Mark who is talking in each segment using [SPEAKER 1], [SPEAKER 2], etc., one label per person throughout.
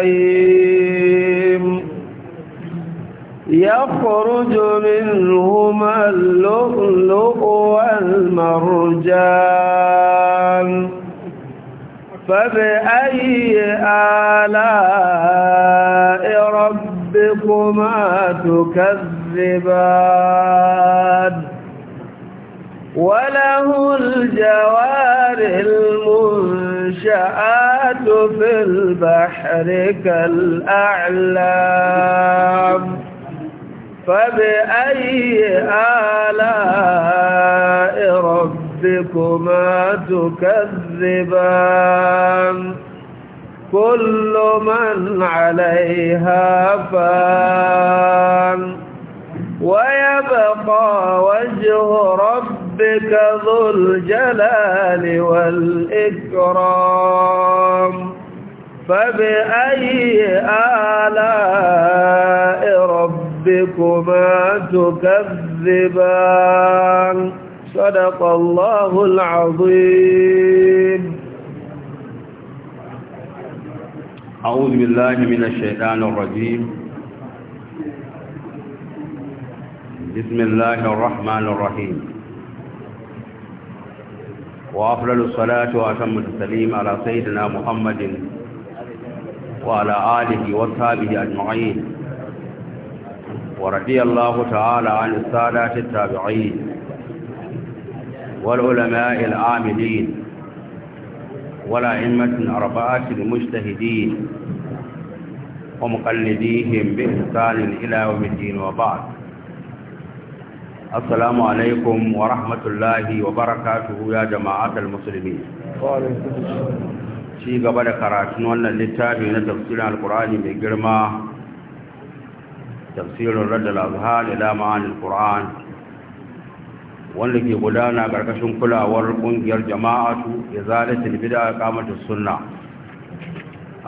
[SPEAKER 1] الرحيم يخرج منهما اللؤلؤ والمرجان فبأي آلاء ربكما تكذبان وله الجوار المنزل المنشآت في البحر كالأعلام فبأي آلاء ربكما تكذبان كل من عليها فان ويبقى وجه ربك ربك ذو الجلال والإكرام فبأي آلاء ربكما تكذبان صدق الله العظيم
[SPEAKER 2] أعوذ بالله من الشيطان الرجيم بسم الله الرحمن الرحيم وأفضل الصلاة وأتم التسليم على سيدنا محمد وعلى آله وصحبه أجمعين ورضي الله تعالى عن السادة التابعين والعلماء العاملين والأئمة أربعة المجتهدين ومقلديهم بإحسان إلى يوم الدين وبعد السلام عليكم rahmatullahi wa وبركاته يا جماعة المسلمين ci gaba da karatun wannan littafi na tafsirin alkur'ani mai girma tafsirin raddal azhar ila ma'anil qur'an wanda ke gudana karkashin kulawar kungiyar jama'atu izalatul bid'a qamatus sunna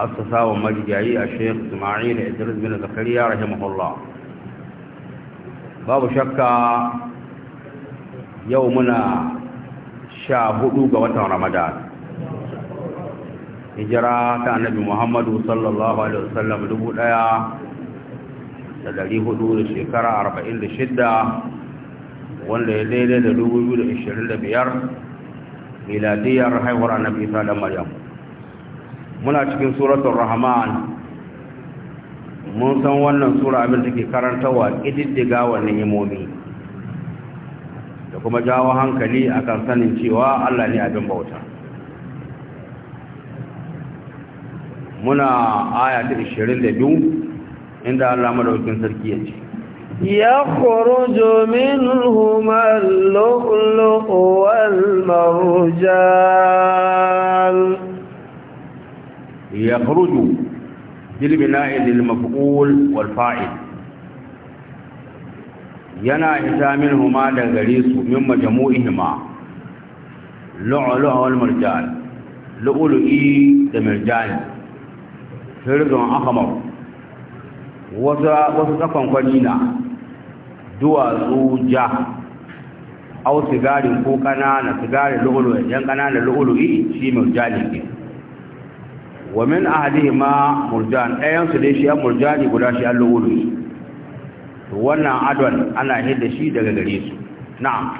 [SPEAKER 2] assasa wa majiyayi a shaykh Isma'il Idris bin Zakariya rahimahullah babu shakka yau muna sha hudu ga watan ramadan hijira ta annabi muhammadu sallallahu alaihi wasallam dubu daya da dari hudu da shekara arba'in da shidda wanda ya daidai da dubu biyu da ishirin da biyar miladiyar haihuwar annabi isa da maryam muna cikin suratun rahman mun san wannan sura abin take karantawa kididdiga wa imomi da kuma jawo hankali akan sanin cewa Allah ne abin bauta muna aya ta 22 inda Allah maɗaukin sarki ya ce
[SPEAKER 1] Ya يخرج منهما Ya والمرجان
[SPEAKER 2] يخرج bilbina'i lil maf'ul wal fa'il yana ita min huma da gare su min majamu'ihima lu'lu'a wal marjan lu'lu'i da marjan firdun ahmar wasu tsakon kwanina duwatsu ja au sigarin ko sigarin yan kanana lu'lu'i shi marjani ومن أحده ما مرجان أيام سليشي مرجان يقول أشياء اللغولي وانا عدوان أنا هيد شيدة لغريس نعم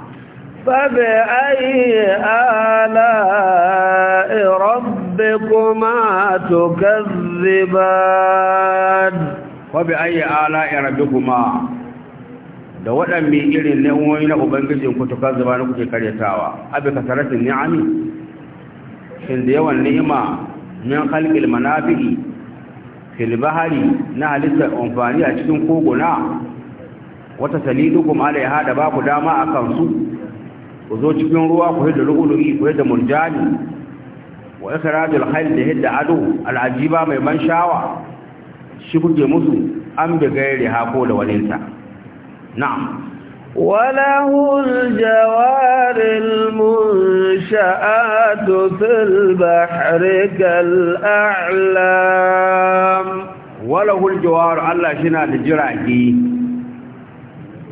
[SPEAKER 1] فبأي آلاء ربكما تكذبان فبأي آلاء ربكما
[SPEAKER 2] da waɗanda mai irin na'uwoyi na ubangijin ku tuka zuba na kuke karyatawa abin ka tarasin ni'ami min khalqil manafi'i fil bahari na halittar amfani a cikin koguna wata salidukum alaiha da ba ku dama a su, ku zo cikin ruwa ku hidda lu'ulu'i ku hidda murjani wa ikhrajul khayl da hidda ado al'ajiba mai ban shawa shi kuke musu an bi gairi hako da walinta na'am
[SPEAKER 1] وله الجوار المنشآت في البحر كالأعلام وله الجوار الله شنا تجراكي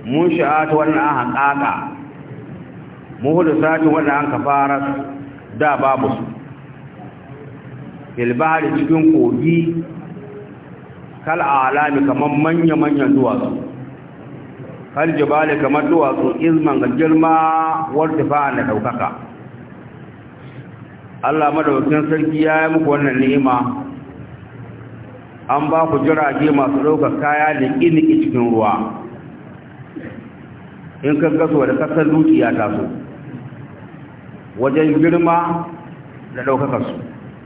[SPEAKER 2] منشآت وانا حقاقا مهدسات وانا كفارس دا بابس في البحر تكون كوجي كالأعلام كمان من يمن يدوى har jibali kamar duwatsu izman ga girma wadda fa'an da ɗaukaka Allah madaukin sarki ya yi muku wannan ni'ima an ba ku jirage masu ɗaukar kaya da ƙiniƙi cikin ruwa in kan gaso da kasar dukiya ta so wajen girma da ɗaukakarsu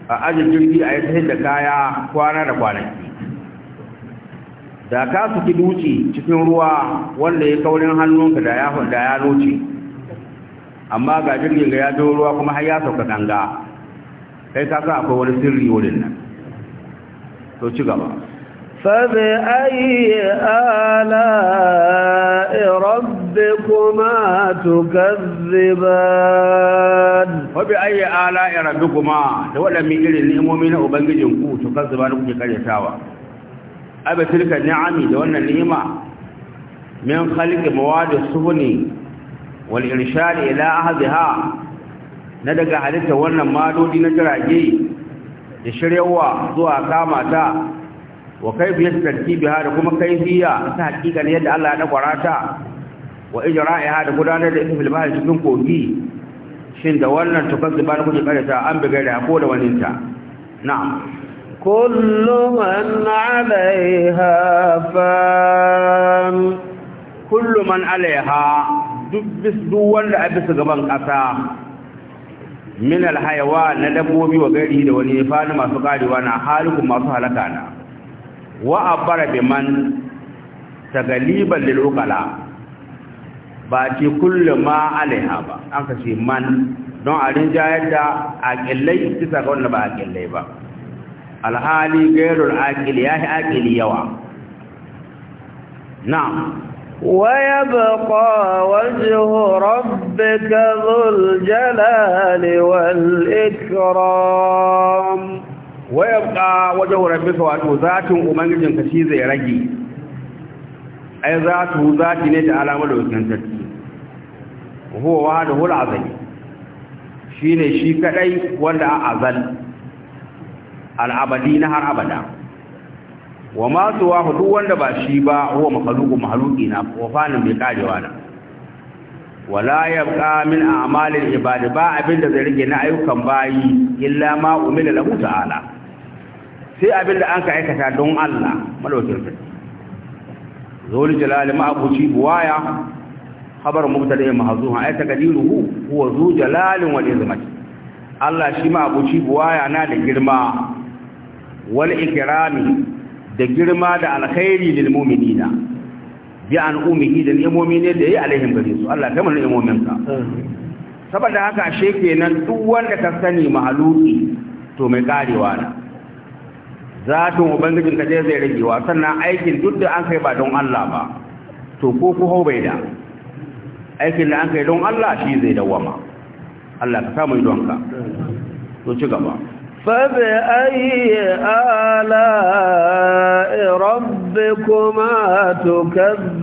[SPEAKER 2] a ajin jirgi a yi da kaya kwana da kwanaki da ka suki duci cikin ruwa wanda ya kaurin hannunka da ya da ya noce amma ga jirgin ga ya ruwa kuma har ya sauka ganga kai ka sa akwai wani sirri wurin nan
[SPEAKER 1] to ci gaba فبأي آلاء ربكما تكذبان
[SPEAKER 2] فبأي آلاء ربكما تولى من إلي النعم من أبنجي tukazziban ku ke abu tilka ni'ami da wannan ni'ima min khalqi mawadi subuni wal irshad ila ahdiha na daga halitta wannan madodi na jirage da shiryawa zuwa kama ta wa kayfiyat tarkibiha da kuma kaifiya ta hakikan yadda Allah ya dakwara ta wa ijra'iha da gudanar da ita fil cikin kogi shin da wannan tukazziba na kuke ta an bigare ko da waninta
[SPEAKER 1] na'am كل من عليها فان كل من عليها دبس دول عبس غبان قطا
[SPEAKER 2] من الحيوان ندبوبي وغيره دولي فان ما سقاري وانا حالكم ما سهلكانا وعبر بمن تغليبا للعقلاء باكي كل ما عليها با انك شي من don a rinjayar da a ƙillai bisa ga wanda ba a ƙillai ba alhali gairul aqil ya yi aqil yawa
[SPEAKER 1] na'am wa yabqa wajhu rabbika dhul jalali wal ikram wa yabqa wajhu rabbika
[SPEAKER 2] wa zatun ubangijin ka shi zai rage ai zatu zati ne da alamar wajantaki huwa wahdahu al-azim shine shi kadai wanda a azali al'abadi na har abada wa ma suwa duk wanda ba shi ba huwa makhluqu makhluqi na wa fanin bai karewa na wala yabqa min amalin ibadi ba abinda zai rage na ayyukan bayi illa ma umila lahu ta'ala sai abinda an ka aikata don Allah malaukin sa zul jalal ma abuci buwaya khabar mubtada mahzuha ay takdiruhu huwa zu jalalin wal izmati Allah shi ma abuci buwaya na da girma wal ikrami da girma da alkhairi lil mu'minina bi an umihi da ne da yi alaihim gare su Allah kamar imomin ka saboda haka ashe kenan duk wanda ka sani mahaluki to mai karewa na zatin ubangijin ka zai ragewa sannan aikin duk da an kai ba don Allah ba to ko ku hau bai da aikin da an kai don Allah shi zai dawama Allah ka samu idonka to ci gaba
[SPEAKER 1] فبأي آلاء ربكما تكذبان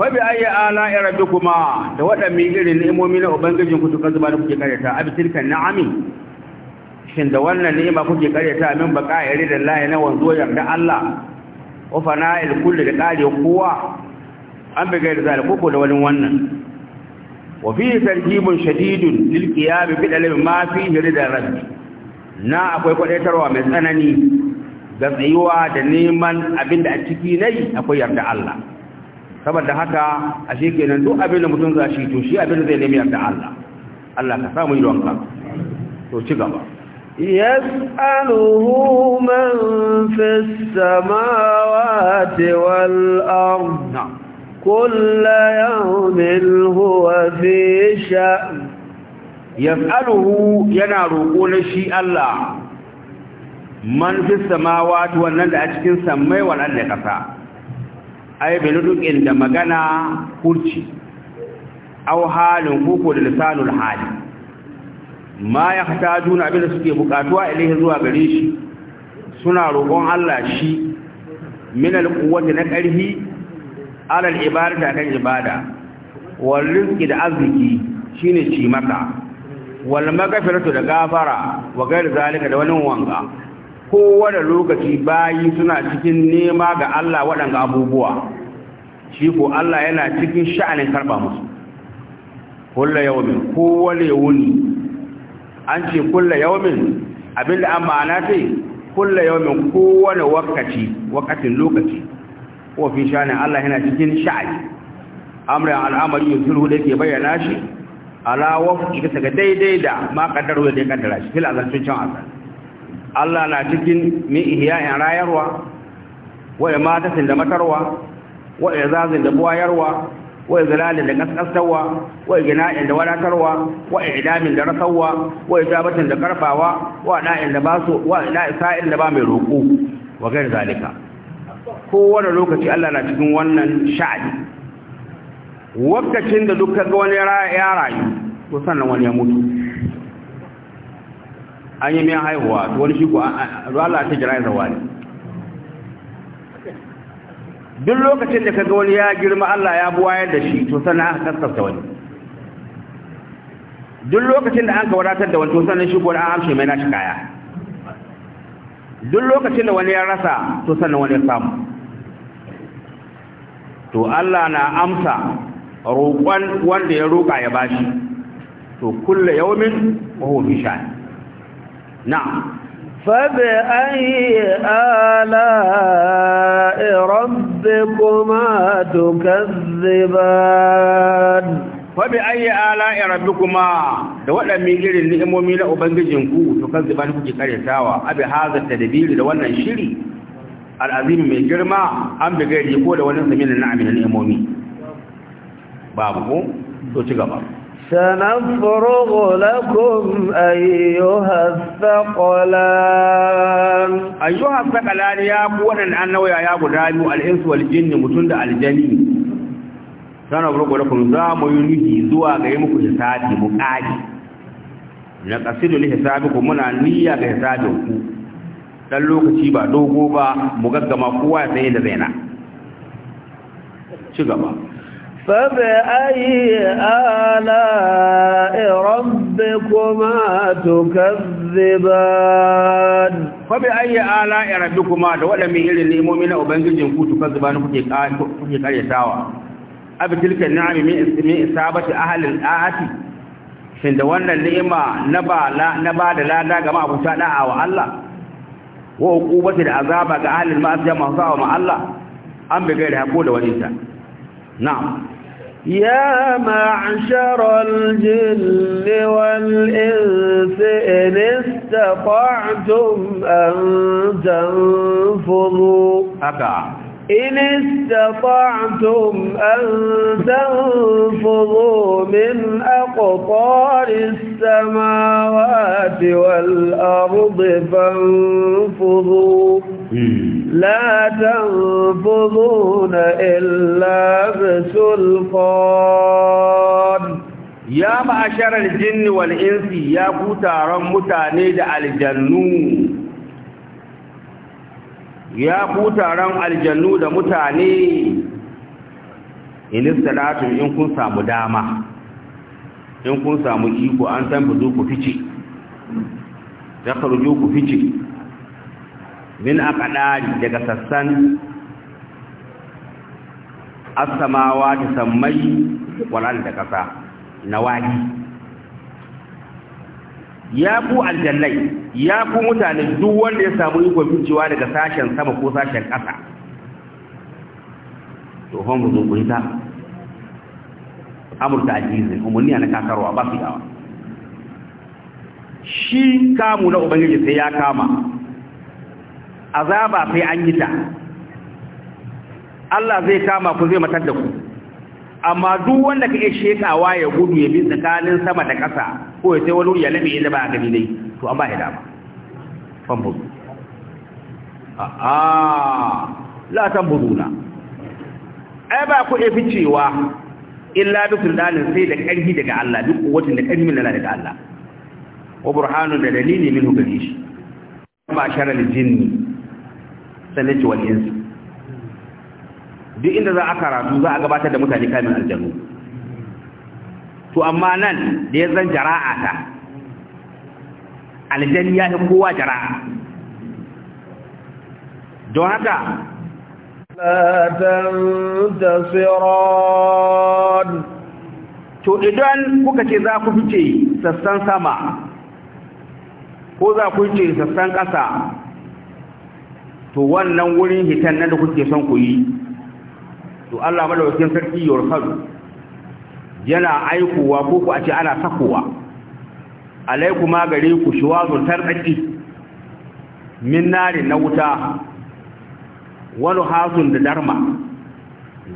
[SPEAKER 1] فبأي آلاء ربكما دوات ميغير الإمومين أبنجين كنت
[SPEAKER 2] كذبان كنت كاريتا أبي تلك النعمي shin da wannan ni'ima kuke karyata min baka yare da na wanzo yarda Allah wa fana'il da kare kowa an bi da zalika ko da wani wannan وفيه ترهيب شديد للقيام بالعلم ما فيه رضا ربي na akwai kwadaitarwa mai tsanani da tsayuwa da neman abin da a ciki nai akwai yarda Allah saboda haka a nan duk abin da mutum za shi to shi abin da zai nemi yarda Allah Allah ka samu idon ka to ci gaba
[SPEAKER 1] yas'aluhu man fis samawati wal ardh كل يوم هو في شأن yas'aluhu yana roƙo na shi Allah
[SPEAKER 2] man fi samawati wannan da a cikin sammai wannan da kasa ay biludukin da magana kurci aw halin kuko da lisanul hali ma yahtaju na abin da suke bukatuwa ilaihi zuwa gare shi suna roƙon Allah shi min alquwwati na ƙarfi alal ibada kan ibada wal rizqi da arziki shine ci maka wal magfiratu da gafara wa gair zalika da wani wanga kowane lokaci bayi suna cikin nema ga Allah waɗanga abubuwa shi ko Allah yana cikin sha'anin karba musu kulla yawmin wale wuni an ce kulla yawmin abinda da amana ce kulla yawmin wani wakati wakatin lokaci ko fi shani Allah yana cikin sha'ani amrin al'amari yuzulhu da yake bayyana shi ala wafi bisa ga daidai da ma kaddaro da yake kaddara shi fil azal can azal Allah na cikin mi ihya'in rayarwa wa imatatin da matarwa wa zazin da buwayarwa wa zalalin da kaskastarwa wa gina'in da wadatarwa wa idamin da rasawa wa ijabatin da karfawa wa na'in da basu wa da'isa'in da ba mai roƙo wa gair zalika kowane lokaci Allah na cikin wannan sha'ani wakacin da duk kaga wani ya rayu to sannan wani ya mutu an yi miyan haihuwa wani shi ku Allah ta jira ya duk lokacin da kaga wani ya girma Allah ya buwayar da shi to sannan aka kaskasta wani duk lokacin da an ka wadatar da wani to sannan shi ko an amshe mai shi kaya duk lokacin da wani ya rasa to sannan wani ya samu to Allah na amsa roƙon wanda ya roƙa ya bashi to kulle yawmin wa huwa fi sha'an
[SPEAKER 1] na'am فبأي آلاء ربكما تكذبان ayi ala da waɗannan
[SPEAKER 2] irin ni'imomi na ubangijinku to kuke karyatawa abi hadha tadbir da wannan shiri al'azim mai girma an bigar gairi ko da wani samin na amin ni'imomi babu ko to ci gaba
[SPEAKER 1] sanafrugu lakum ayyuha thaqalan
[SPEAKER 2] ayyuha thaqalan ya ku wannan annawaya ya guda biyu al-insu wal jinni mutun da aljani sanafrugu lakum za mu yi nufi zuwa ga yi muku hisabi mu kaji na qasidu li hisabikum muna niyya ga hisabinku dan lokaci ba dogo ba mu gaggama kowa ya tsaye da zaina
[SPEAKER 1] ci gaba فبأي آلاء ربكما تكذبان فبأي
[SPEAKER 2] آلاء ربكما دولا من إلي المؤمنة وبنجلجن كو تكذبان كي قريتاوا أبي تلك النعم من إصابة أهل الآتي shin da wannan ni'ima na ba da lada ga ma'abuta da'a wa Allah وعقوبه العذاب على المعصيه ما صار مع الله ام بغير حقوله وليس
[SPEAKER 1] نعم يا معشر الجن والانس ان استطعتم ان تنفضوا إن استطعتم أن تنفضوا من أقطار السماوات والأرض فانفضوا لا تنفضون إلا بسلطان يا معشر الجن
[SPEAKER 2] والإنس يا كتارا متانيد الجنون ya ku taron aljannu da mutane inistalatun in kun samu dama in kun samu iko an san ku fice ya farju ku fice min aqdari daga sassan Asamawa samawa da sammai walal da kasa nawadi ya ku aljannai ya ku mutane duk wanda ya samu ikon ficewa daga sashen sama ko sashen ƙasa to hon mu zo ku hita amurka ajizin umarni na kakarwa ba su yawa shi kamu na ubangiji sai ya kama azaba sai an yi ta Allah zai kama ku zai matar da ku amma duk wanda ka iya shekawa ya gudu ya bi tsakanin sama da ƙasa ko ya sai wani wuri ya labe inda ba a gani dai to an ba ya dama fambuzu a'a la tambuzuna ai ba ku fi cewa illa bi suldanin sai da karhi daga Allah duk kuwatin da karhi min daga Allah wa burhanun da dalili minhu gari shi ba da jinni sanati wal insi duk inda za a karatu za a gabatar da mutane kamin aljanu to amma nan da ya zan jara'a ta aljani ya yi kowa jara'a don haka
[SPEAKER 1] la tantasiran to idan kuka ce za ku fice
[SPEAKER 2] sassan sama ko za ku fice sassan ƙasa to wannan wurin hitan nan da kuke son ku yi to Allah madaukakin sarki yorkazu yana aikowa ko ku a ce ana sakowa alaiku ma gare ku shiwazun tarɗaƙi min nari na wuta wani hasun da darma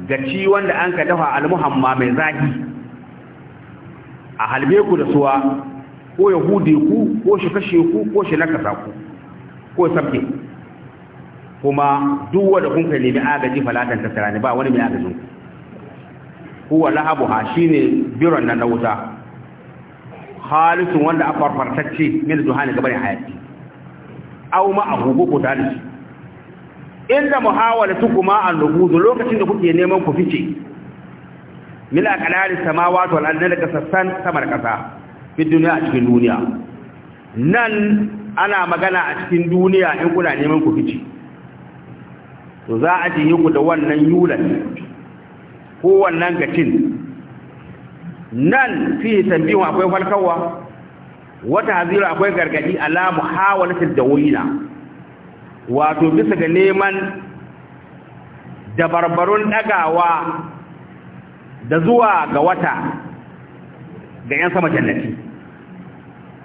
[SPEAKER 2] gaci wanda an ka dafa almuhamma mai zahi a halbe ku da suwa ko yahudi ku ko shi kashe ku ko shi nakasa ku ko sabke kuma duk wanda kun kai nemi agaji falatan tasirani ba wani mai agajin ku huwa lahabuha shine biron nan na wuta halisun wanda aka farfartacce min duhani gaban hayati aw ma ahubu ko dalishi inda muhawalatukuma an-nubuz lokacin da kuke neman ku fice min aqlali samawati wal ardi daga sassan samar kasa fi duniya a cikin duniya nan ana magana a cikin duniya in kuna neman ku fice to za a ji ku da wannan yulan ko wannan gatin nan fi tambihu akwai falkawa wata haziru akwai gargadi ala da dawina wato bisa ga neman dabarbarun dagawa da zuwa ga wata ga yan sama jannati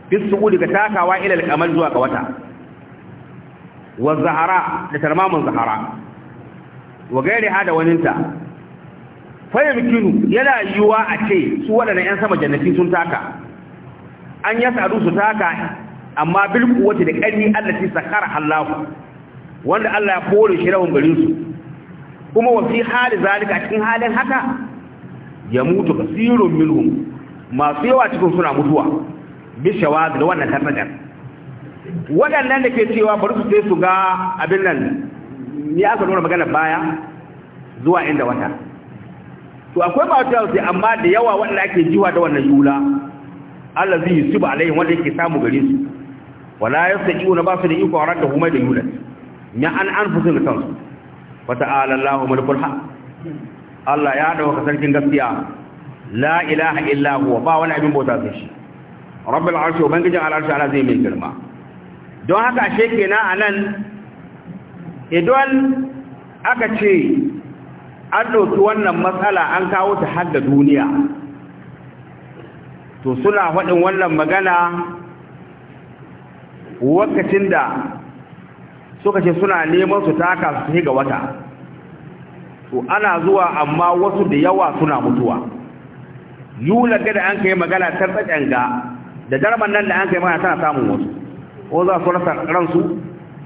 [SPEAKER 2] fi su'udi ga takawa ila al zuwa ga wata wa zahara da tarmamun zahara wa gairi hada waninta fayyamkinu yana yiwuwa a ce su waɗannan 'yan sama jannati sun taka an ya sadu su taka amma bilku wata da ƙarni allaci sakara hallahu wanda Allah ya kore shi rahun garinsu kuma wafi hali zalika cikin halin haka ya mutu basirun minhum masu yawa cikin suna mutuwa bishawa da wannan tarnajar waɗannan da ke cewa bari su sai su ga abin nan ya aka nuna magana baya zuwa inda wata to akwai masu tausayi amma da yawa wanda ake jiwa da wannan yula Allah zai yusuba alaihi wanda yake samu gare su wala yastaju na ba su da iko a da kuma da yula ya an an fusu da kansu wa ta'ala Allahu malikul haq Allah ya dauka sarkin gaskiya la ilaha illa huwa ba wani abin bauta sai shi rabbul arshi ubangijin al'arshi ala zai mai girma don haka shekenan anan idan aka ce an ɗauki wannan matsala an kawo ta har da duniya to suna faɗin wannan magana wakacin da suka ce suna neman su taka su ga wata to ana zuwa amma wasu da yawa suna mutuwa yula ga da an kai magana ta ga da darman nan da an kai magana tana samun wasu ko za su rasa ransu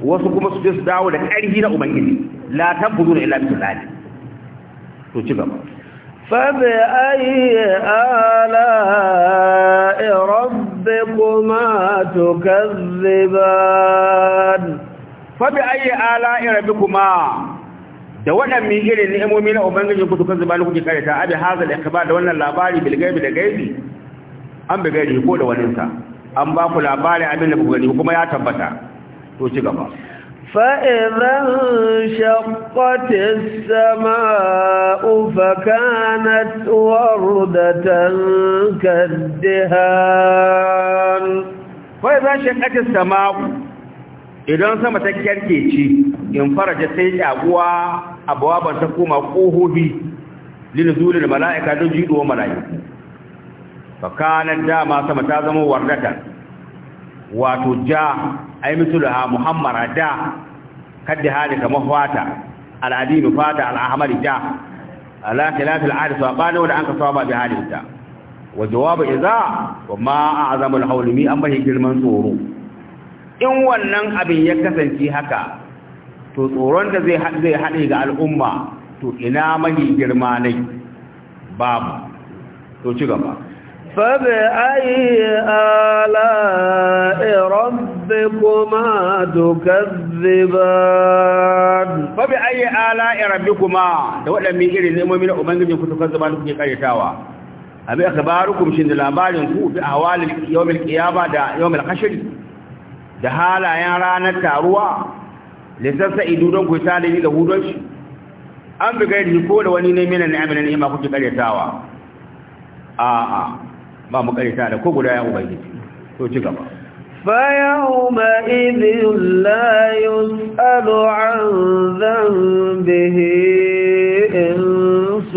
[SPEAKER 2] wasu kuma su je su dawo da ƙarfi na ubangiji la tabbudu illa billahi to ci gaba
[SPEAKER 1] فبأي آلاء ربكما تكذبان فبأي آلاء ربكما da waɗannan irin ni'imomi na ubangiji ku dukan zuba
[SPEAKER 2] kuke kare ta abi haza da ikhbar da wannan labari bil gaibi da gaibi an bi gaibi ko da waninsa an ba ku labari abin da ku gani kuma ya tabbata to ci gaba
[SPEAKER 1] فإذا انشقت السماء فكانت وردة كالدهان فإذا انشقت السماء idan sama ta
[SPEAKER 2] kyarkeci in faraja sai yaguwa abawaban ta koma kohohi linzulil mala'ika don jiduwa mala'iku fakanan dama sama ta zama wardata wato ja ai misluha muhammara da kadda halika mahwata al'adinu fata al al'ahmari da ala khilaf al'adis wa qala wala anka sawaba bi halita wa jawabu idza wa ma a'zamu al-hawlimi amma girman tsoro in wannan abin ya kasance haka to tsoron da zai zai hade ga al'umma to ina mahi girma ne babu to ci gaba
[SPEAKER 1] fa bi ayi ala rabb ربكما تكذبان فبأي آلاء ربكما دولا من إيري نعم من أمانجم
[SPEAKER 2] كتكذبان كي قريتاوا أبي أخباركم شند لابارنكو بأحوال يوم القيامة دا يوم القشر da halayen ranar taruwa lissassa idudon ku talimi da hudon shi an bi gairi ko da wani ne mina ni'amina ni'ima kuke karyatawa a a ba mu karyata da ko guda ya ubangiji to ci
[SPEAKER 1] فيومئذ لا يسأل عن ذنبه إنس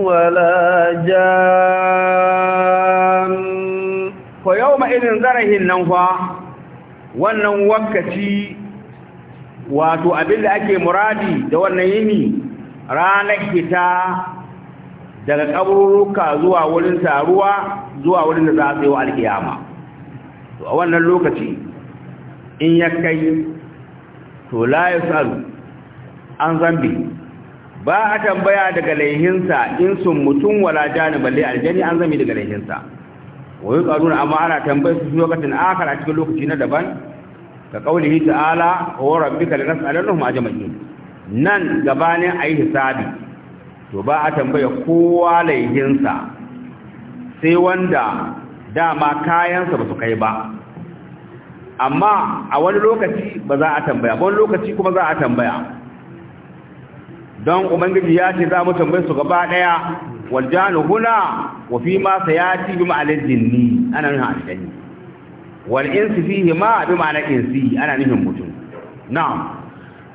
[SPEAKER 1] ولا جان فيومئذ ذره النوفى wannan wakati
[SPEAKER 2] wato abin da ake muradi da wannan yini ranar fita daga kaburuka zuwa wurin taruwa zuwa wurin da za a tsaye wa alkiyama to a wannan lokaci in ya kai to la ya an zambi ba a tambaya daga laihinsa in sun mutum wala jani balle aljani an zami daga laihinsa karu na amma ana tambayar su lokacin akara a cikin lokaci na daban ka kaulihi ta'ala wa rabbika lanas'alannahum ajma'in nan gabanin ayi hisabi to ba a tambaya kowa laihinsa sai wanda dama kayansa ba su kai ba amma a wani lokaci ba za a tambaya wani lokaci kuma za a tambaya don umangiji ya ce za mu tambaye su gaba daya waljanu huna wa fi ma sayati bi ma'anar jinni ana nuna cikin wal insi fihi ma bi ma'anar insi ana nuna mutum na'am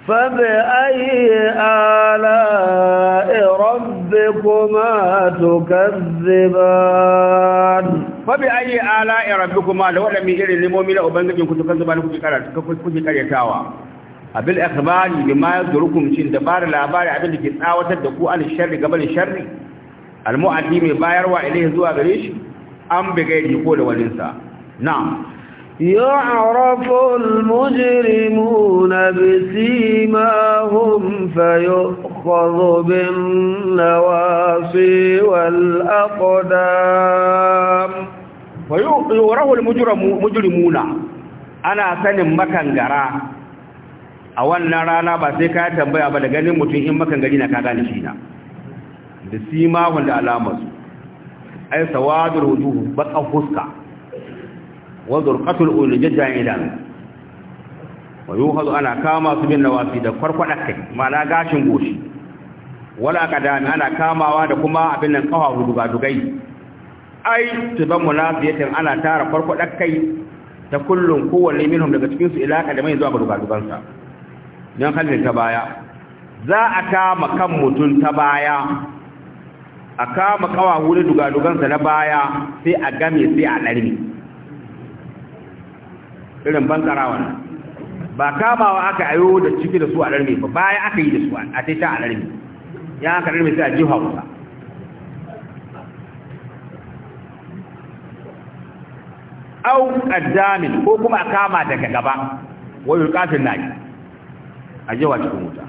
[SPEAKER 1] فبأي آلاء ربكما تكذبان
[SPEAKER 2] فبأي آلاء ربكما لو لم يجري للمؤمن أبنجي كنت كذبان كنت كريتاوا abil akhbari bima yadrukum shin dabar labari abin da ke tsawatar da ku an sharri gaban sharri almu'addi mai bayarwa ilai zuwa gare shi an bigayi ko da walinsa
[SPEAKER 1] na'am يعرف المجرمون بسيماهم فيؤخذ بالنواصي والأقدام ويوره
[SPEAKER 2] المجرمون أنا سنم مكانجرا a wannan rana ba sai ka tambaya ba da ganin mutum in makan gari na ka gane shi na da ai fuska wanzur qatul ul jadda idan wa yuhadu ana kama su bin nawafi da kwarkwada kai mana gashin goshi wala kadami ana kamawa da kuma abin nan hudu duga dugai ai tuban munafiyatin ana tara kwarkwada kai ta kullum kowanne minhum daga cikin su ila mai zuwa ga dugan sa dan halin ta baya za a kama kan mutun ta baya a kama kawahu da duga na baya sai a game sai a larmi irin na. ba kamawa aka ayo da ciki da su a ɗarme ba baya aka yi da su a taita a ɗarme ya aka ɗarme sai a jiha kusa au addamin ko kuma a kama daga gaba wani na yi a jiwa cikin wuta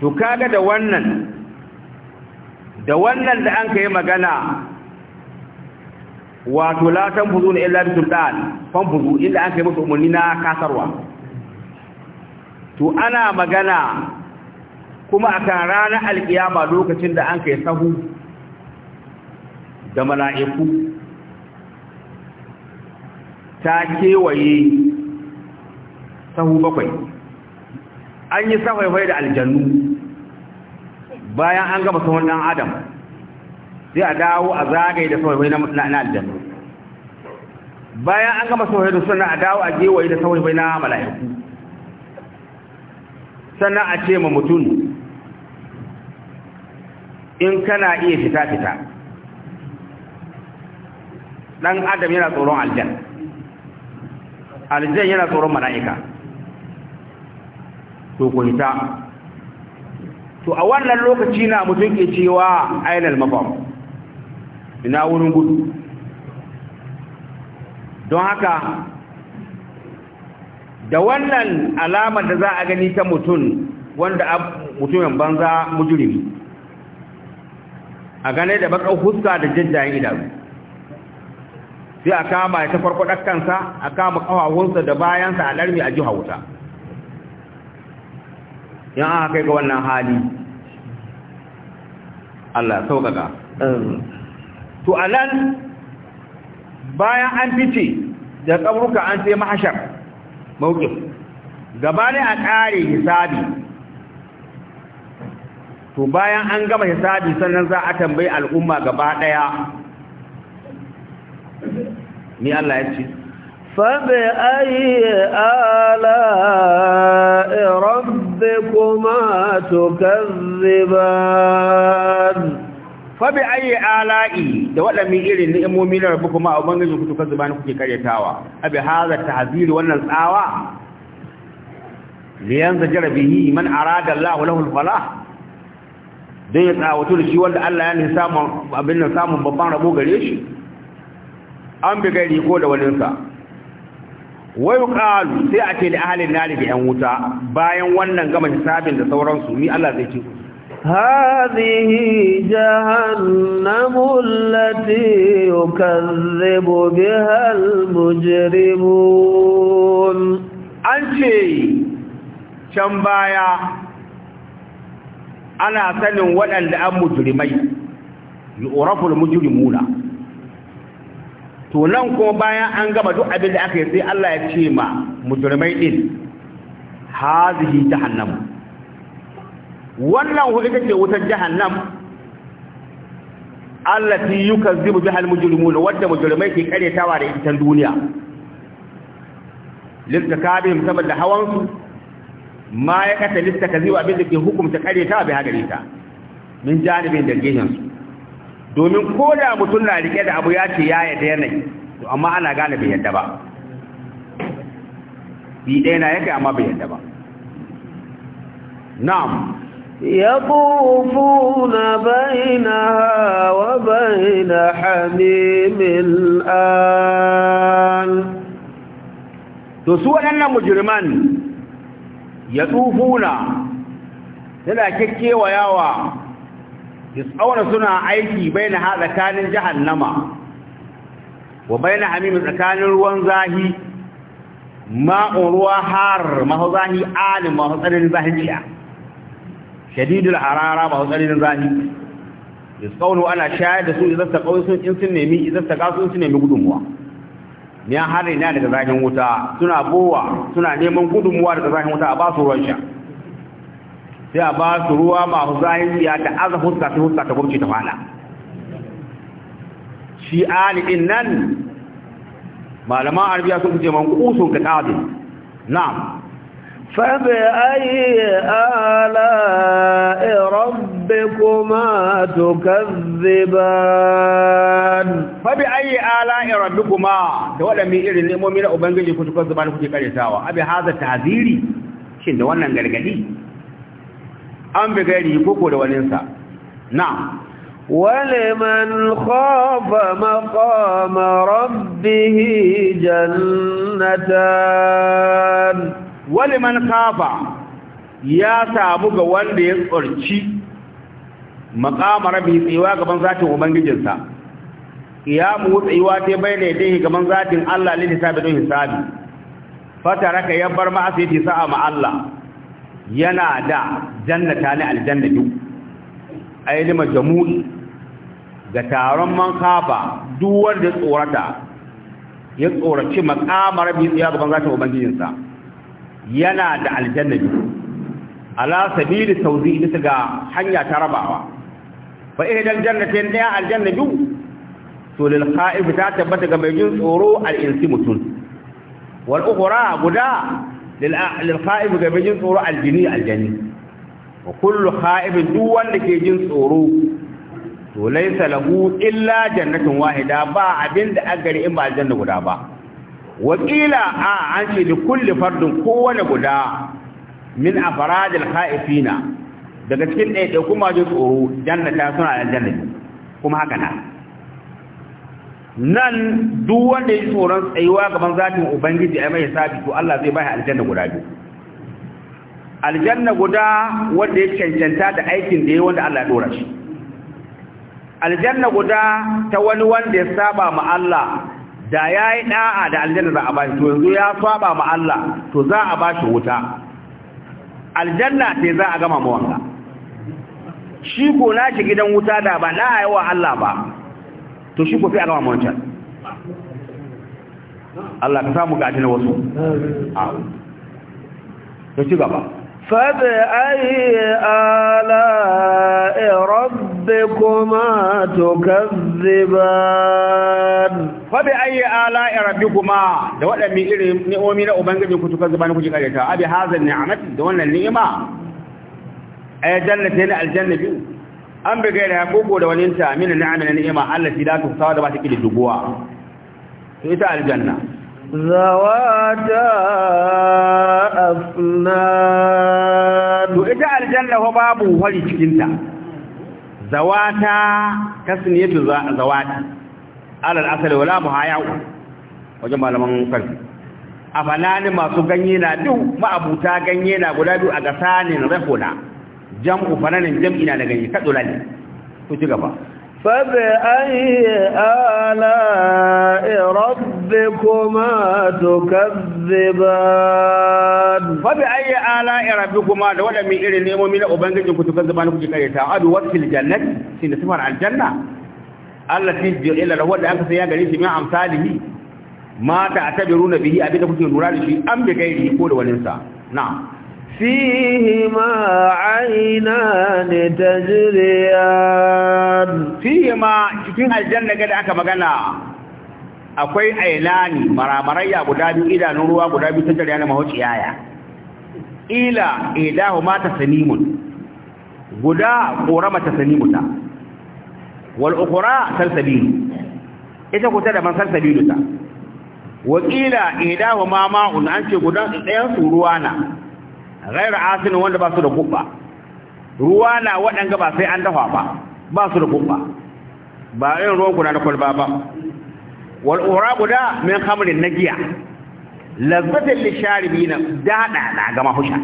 [SPEAKER 2] to kaga da wannan da wannan da an ka yi magana wato la tanfuzu ne illa bisultan fanfuzu inda an kai musu umarni na kasarwa to ana magana kuma a kan ranar alkiyama lokacin da an kai sahu da mala'iku ta kewaye sahu bakwai an yi sahaifai da aljannu bayan an gaba sahun ɗan adam sai a dawo a zagaye da sauyi na aljanu. bayan an gama sauyi da suna a dawo a gewaye da sauyi na mala'iku sannan a ce ma mutum in kana iya fita fita dan adam yana tsoron aljan aljan yana tsoron mala'ika to ku hita to a wannan lokaci na mutum ke cewa ainihin mafamu ina wurin gudu don haka da wannan alamar da za a gani ta mutum wanda mutumin banza mujirimi a gane da bakar huska da jajjayen idanu sai a kama ya ta farko a kama ƙawawunsa da bayansa a larmi a jiha wuta yan aka kai ga wannan hali Allah sauƙaƙa to alan bayan an fice da kabruka an sai mahashar mawqif ne a kare hisabi to bayan an gama hisabi sannan za a tambayi al'umma gaba daya ni Allah
[SPEAKER 1] ya ce فبأي kuma tukar تكذبان fabi ayi ala'i da waɗannan irin ni'imomi na rabu kuma a ubangiji ku tuka zuba kuke
[SPEAKER 2] karyatawa abi hadha tahzir wannan tsawa liyan zajara bihi man arada Allah lahu al-falah dan ya tsawato da shi wanda Allah ya ne samun abin nan samun babban rabo gare shi an bi gari ko da wani sa wai qalu sai a ce da ahli nari bi yan wuta bayan wannan gama hisabin da sauransu ni Allah zai ce ku.
[SPEAKER 1] هذه جهنم التي يكذب بها المجرمون أنشي
[SPEAKER 2] شمبايا أنا سنن ولن لأم مجرمي يؤرف المجرمون tunan kuma bayan an gama duk abin da aka yi sai Allah ya ce ma ɗin, din hazihi jahannamu wannan ku ita ce wutar jahannam allati yukazzibu biha almujrimuna wadda mujrimai ke karyatawa da ita duniya littakabihim saboda hawansu ma ya kata littakazzibu abin da ke hukumta karyatawa bi hagare ta min janibin da gehen su domin ko da mutum na rike da abu ya ce ya yadda yanayi to amma ana gane bai yadda ba bi ɗaya na yake amma bai yadda ba
[SPEAKER 1] na'am يطوفون بينها وبين حميم الآن تسوى لنا مجرمان
[SPEAKER 2] يطوفون تلا كيكي وياوا يسعون سنة عيكي بين هذا كان جهنم وبين حميم الأكان الوانزاهي ماء حار ما هو ظاهي آل ما هو ظاهي البهجئة shadidul harara ba tsananin zafi yasqawnu ana shayar da su idan ta kawo sun in sun nemi idan ta kawo sun nemi gudunmuwa ne hare na daga zafin wuta suna bowa suna neman gudunmuwa daga zafin wuta a ba su ruwan sha sai a ba su ruwa masu zahiriya ta aza huska ta huska ta gurbi ta fala shi aliɗin nan
[SPEAKER 1] malaman arabiya sun ce man qusun ka ƙazi na'am فبأي آلاء ربكما تكذبان فبأي آلاء ربكما
[SPEAKER 2] دولا من إيرين المؤمنة أبنجي كتكذبان كتك رساوة أبي هذا تعذيري شين دولنا نغلقلي أم بغيري كوكو دولنسا
[SPEAKER 1] نعم ولمن خاف مقام ربه جنتان wani man kafa
[SPEAKER 2] ya samu ga wanda ya tsorci maƙama rabi tsayuwa gaban zatin ubangijinsa mu tsayuwa ta bayyana dai gaban zatin Allah ne hisabi don hisabi fataraka ya bar ma asiti sa'a ma Allah yana da jannata ne aljanna A ayi lima jamu'i ga taron man kafa duk wanda tsorata ya tsoraci maƙama rabi tsayuwa gaban zatin ubangijinsa yana da aljanna ala sabili tawzi bisa ga hanya ta rabawa fa ihdal jannatin da aljanna biyu to lil qa'ib ta tabbata ga mai jin tsoro al insi mutun wal ukhra guda lil qa'ib ga mai jin tsoro al jini al jani wa kullu qa'ib duk wanda ke jin tsoro to laysa lahu illa jannatun wahida ba abinda agari in ba aljanna guda ba wakila a an ce da kulle fardin kowane guda min a afaradil haifina daga cikin ɗaiɗe kuma ji tsoro jannata suna aljanna kuma haka na nan duk wanda ya tsoron tsayuwa gaban zatin ubangiji a mai sabi to Allah zai bayan aljanna guda biyu aljanna guda wanda ya cancanta da aikin da ya wanda Allah ya dora shi aljanna guda ta wani wanda ya saba ma Allah da ya yi ɗa'a da aljanna za a ba shi to yanzu ya saba ma Allah to za a ba shi wuta aljanna sai za a gama mawanka shi ko na shi gidan wuta da ba na a wa Allah ba to shi ko sai a gama mawancan Allah ka samu gaji na wasu a ci gaba
[SPEAKER 1] فبأي آلاء ربكما تكذبان فبأي آلاء
[SPEAKER 2] ربكما دوالا ميئري نؤمن أبنجبك تكذبان فجي قريتا أبي هذا النعمة دوالا النعمة أي جنة هنا الجنة بيو أم بغير يقوبوا دوالينتا من النعمة النعمة التي لا تفتاد باتك للجبوة فإذا الجنة
[SPEAKER 1] zawata afnan to ita aljanna fa babu wari cikin ta zawata
[SPEAKER 2] tasniyatu zawata alal asali wala muhayau wajen malaman farfi afanani masu ganye na duk ma'abuta ganye na guda biyu a gasanin rahuna jam'u fananin jam'i na da ganye ka tsola ne ku ci gaba
[SPEAKER 1] fabi ayi ala rabbikuma tukazziban fa bi ayyi ala'i
[SPEAKER 2] rabbikuma da wala min irin nemomi na ubangijin ku tukazziban ku kai ta adu wa fil jannati sin sifar al janna allati bi'ila la wada an kasaya gari shi min amsalihi ma ta'tabiruna bihi abin da kuke lura da shi an bi gairi ko da walin sa na'am
[SPEAKER 1] fihima aynan tajriyan fihima cikin aljanna ga da aka magana akwai ainani
[SPEAKER 2] maramarayya guda biyu idanun ruwa guda biyu tattare da mahauci yaya ila idahu ma tasnimun guda qorama tasnimuta wal ukhra salsabil ita kuta da man ta wa ila idahu ma ma'un an ce guda ɗayan su ruwa na ghair asin wanda ba su da kubba ruwa na waɗanga ba sai an dafa ba ba su da kubba ba irin ruwan kuna da kwalba ba wal'ura guda min hamrin na giya lazzatin lisharibi na daɗa na gama husha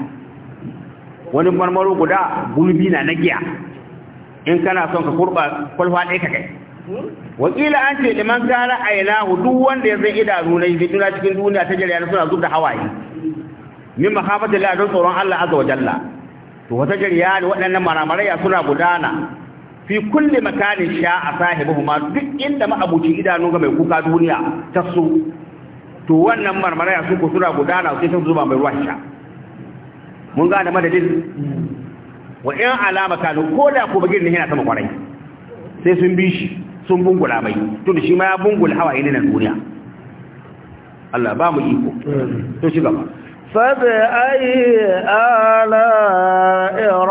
[SPEAKER 2] wani marmaro guda gulbi na na giya in kana son ka kurɓa kwalwa ɗaya ka kai wakila an ce liman gara a yana duk wanda ya zai idanu na yi cikin duniya ta jirya suna zub hawaye min makafatin la don tsoron allah azza wa jalla to wata jirya ne waɗannan maramarai suna gudana fi kulli makanin sha a ma duk inda ma'abuci idanu ga mai kuka duniya ta su to wannan marmaraya su ko suna gudana sai sun zuba mai ruwan sha mun gane madadin wa in alama kanu ko da ko bagin ne yana sama kwarai sai sun bi shi sun bungula mai tun shi ma ya bungula hawa ne na duniya Allah ba mu iko to shi gaba
[SPEAKER 1] fa bi ayi ala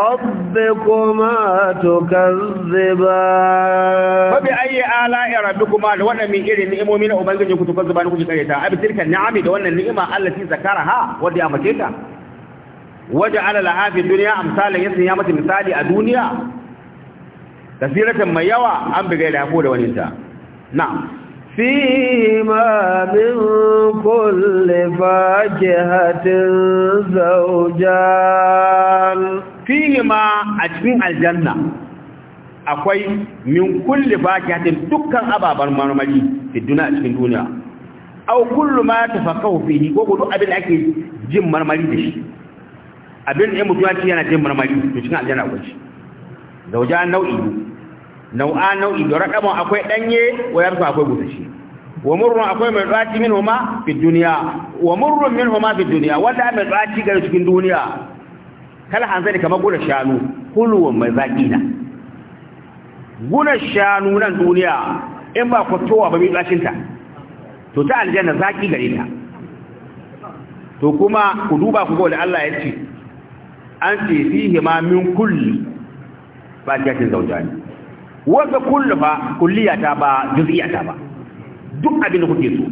[SPEAKER 1] rabb rabbikuma tukazzibaan fa bi
[SPEAKER 2] ayyi ala'i rabbikuma da wannan min
[SPEAKER 1] irin ni'imomi na ubangiji ku tukazzibaan ku kare
[SPEAKER 2] ta abi tilka ni'ami da wannan ni'ima Allah ti zakaraha wadda ya mace ta waja'ala laha fi dunya amsalan yasin ya mata misali a duniya kasiratan mai yawa an bigaida ko da wani ta na'am
[SPEAKER 1] فيما من كل فاكهة زوجان akwai
[SPEAKER 2] min kulli fakihatin dukkan ababan marmari da duniya a cikin duniya aw kullu ma tafaqahu fihi ko abin da ake jin marmari da shi abin da mutum ya ci yana jin marmari to cikin aljanna akwai shi zauja nau'i nau'a nau'i da raƙamun akwai ɗanye wa yarfa akwai shi. wa murrun akwai mai tsaci min huma fi duniya wa murrun min huma fi duniya wanda mai tsaci ga cikin duniya kala hanzari kamar gura shanu wa mai zaƙi na gura shanu nan duniya in ba towa ba mai ta. to ta aljanna zaƙi gare ta to kuma ku duba ku ga wani Allah ya ce an ce fihi ma min kulli ba ta cikin zaujani wanda kullu fa kulliyata ba juz'iyata ba duk abin da kuke so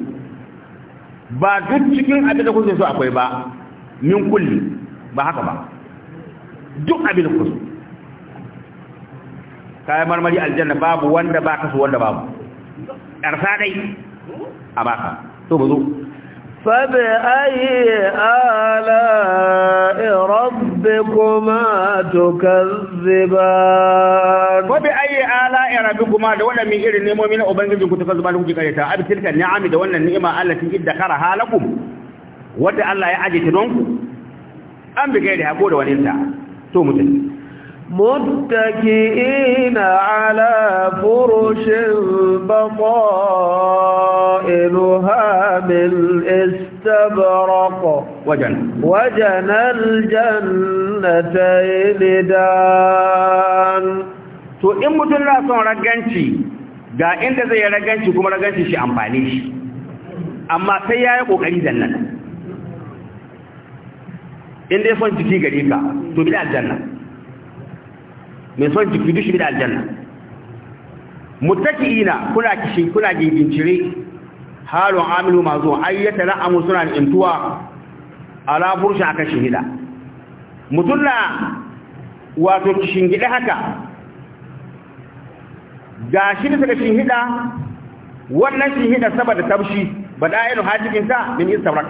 [SPEAKER 2] ba duk cikin abin da kuke so akwai ba min kulli ba haka ba duk abin da kuke so kayan marmari aljanna babu wanda ba kasu wanda babu ƙarsa dai a baka to ba zo
[SPEAKER 1] فبأي آلاء ربكما tukar. تكذبان وبأي آلاء
[SPEAKER 2] ربكما دولا من من تكذبان تلك النعم دولا النعمة التي ادخرها لكم وتا الله يعجي تنونكم أم
[SPEAKER 1] تو متن متكئين على فرش بطائلها بالإسر واستبرق وجن وجن الجنتين دان to in mutum na son
[SPEAKER 2] raganci ga inda zai raganci kuma raganci shi amfani shi amma sai ya yi ƙoƙari jannan inda ya son jiki gare ka to bi da aljanna mai son jiki dushi bi da aljanna muttaki'ina kuna kishin kuna gingincire Halon amilu zuwa ayyata na tala'amu suna da intuwa ala shi aka shahida mutum na wato gida haka ga shi da suka shingida wannan shingida saboda tabshi badailu hajikinta min istabrak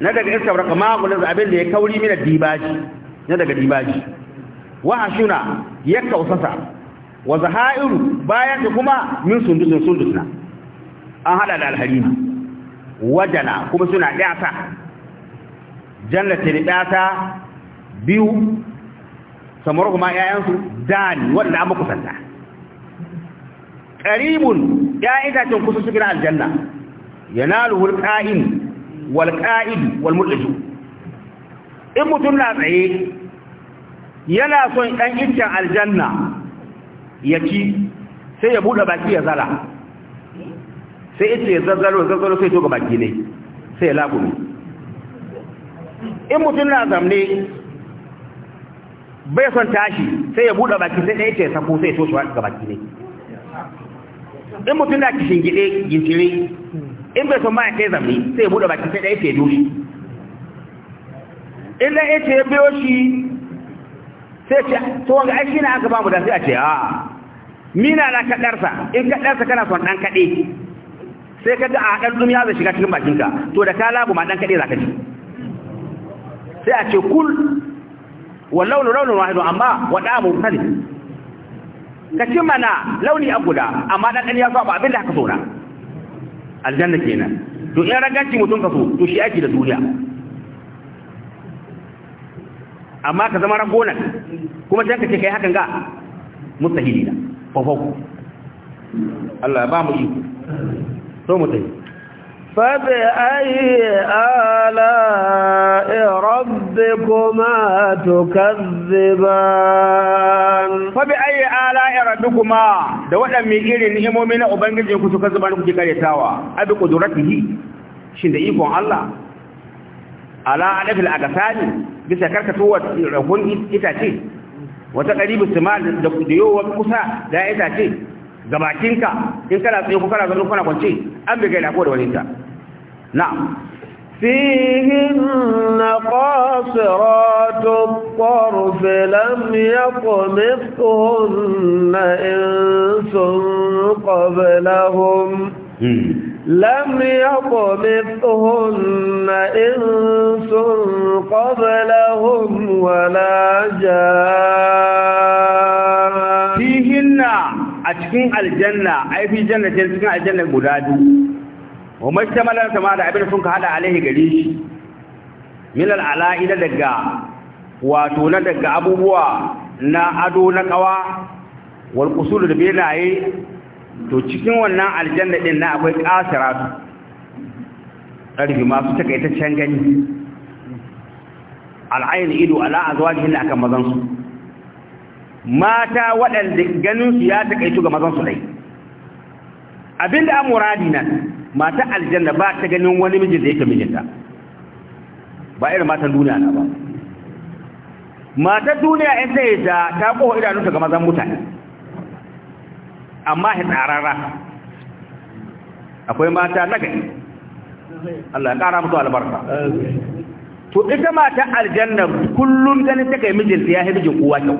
[SPEAKER 2] na daga istabrak ma gulun abin da ya kauri mina dibaji na daga dibaji wa hashuna ya kausasa wa zahairu bayan da kuma min sundus sundusna an hada da alharimi wajana kuma suna ɗata jannatin ɗata biyu samar kuma ‘ya'yansu dani wanda an makusanta ƙaribun ‘ya'yan itacen kusa suke na aljanna yana luhul ƙa'in wal ƙa'id wal in mutum na tsaye yana son ɗan iccen aljanna ya ci sai ya buɗe baki ya zala sai ita ya zazzaro zazzaro sai toga baki ne sai ya lagumi in mutum na zamne bai son tashi sai ya buɗe baki sai ɗaya ce ya sako sai ya toshe ga baki ne in mutum na kishin gide gintire in bai son ma ya kai zamne sai ya buɗe baki sai ɗaya ce ya doshi in na ya ce ya biyo shi sai ce to wanga ai shi na aka ba mu da sai a ce a mina na kaɗarsa in kaɗarsa kana son ɗan kaɗe sai ka ga a dan duniya zai shiga cikin bakinka to da ka labu ma ɗan kaɗe za ka ji sai a ce kul wallahu lawnun wahidun amma wada mursalin ka ci mana launi a guda amma ɗan ɗan ya zo abin da ka so na aljanna kenan to in raganci mutum ka so to shi ake da duniya amma ka zama ragonan kuma sai ka ce kai hakan ga mustahili na fafau Allah ya ba mu iko so mu tafi
[SPEAKER 1] fabi ayi ala rabbikuma tukazziban fabi ayi ala rabbikuma
[SPEAKER 2] da wadannan irin ni'imomi na ubangijin ku tukazziban kuke karetawa abi qudratihi shin da ikon Allah ala alafil agasani bisa karkatuwar rahun itace wata qaribus sama da yawa kusa da itace ga bakinka in kana tsaye ko kana zaune kana kwance an bi gaida ko da wani ta na
[SPEAKER 1] فيهن قاصرات الطرف لم يطمثهن إنس قبلهم لم يطمثهن إنس قبلهم ولا جان
[SPEAKER 2] a cikin aljanna ai fi ce cikin aljanna guda biyu wa mashtamalan sama da abin sun ka hada alaihi gari shi min ala'ida daga wato na daga abubuwa na ado na kawa wal qusul da benaye to cikin wannan aljanna din na akwai kasiratu Ƙarfi masu takaitaccen gani al'ayin ido ala da akan mazan su mata waɗanda ganinsu ya taƙaitu ga mazansu dai abinda an muradi nan mata aljanna ba ta ganin wani mijin da yake mijinta ba irin matan duniya na ba matan duniya in sai ta ta kowa idanunta ga mazan mutane amma hitsararra akwai mata na gani Allah ya ƙara musu albarka to ita mata aljanna kullum ganin ta kai mijinta ya yi mijin kowa kyau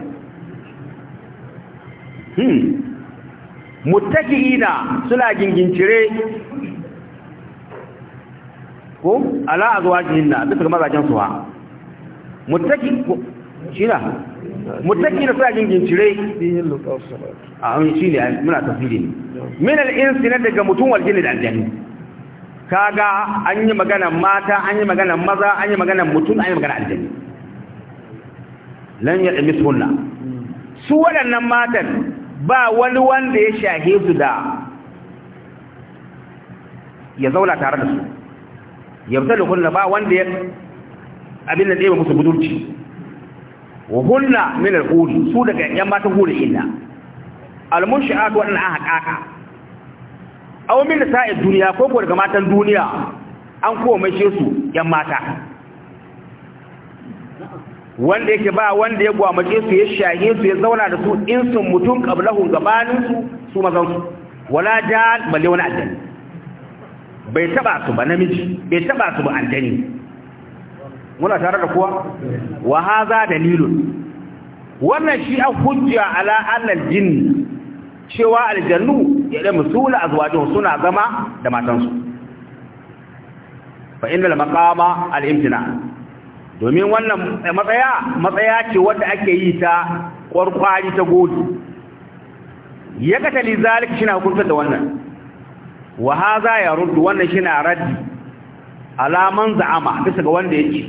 [SPEAKER 2] Hmm. mutakiina suna gingincire ko ala azwajihin na bisa ga mazajen suwa mutaki ko shina muttaki da suna gingincire a wani shi ne muna tafsiri ne min insi na daga mutum waljini da aljani kaga an yi magana mata an yi magana maza an yi magana mutum an yi magana aljani lan ya ɗami sunna su waɗannan matan ba wani wanda ya shahe su da ya zauna tare da su ya fitar da hunna ba wanda ya abin da ɗaya musu budurci wa hunna min al'uri su daga yan matan huri illa Almun munshiat wa an haƙaƙa wani da sa'id duniya ko kuwa daga matan duniya an kowa mai su yan mata wanda yake ba wanda ya gwamace su ya shahe su ya zauna da su in sun mutum kablahu gabanin su su mazan su wala da balle wani aljani bai taba su ba namiji bai taba su ba aljani muna tare da kuwa wa haza dalilun wannan shi a hujja ala annal jinn cewa aljannu ya da musula azwajuhu suna zama da matansu fa innal maqama al-imtina domin wannan matsaya matsaya ce wadda ake yi ta kwarkwari ta godi ya kata lizalik shi na hukuntar da wannan wa haza ya ruddu wannan shi na raddi alaman za'ama bisa ga wanda ya ce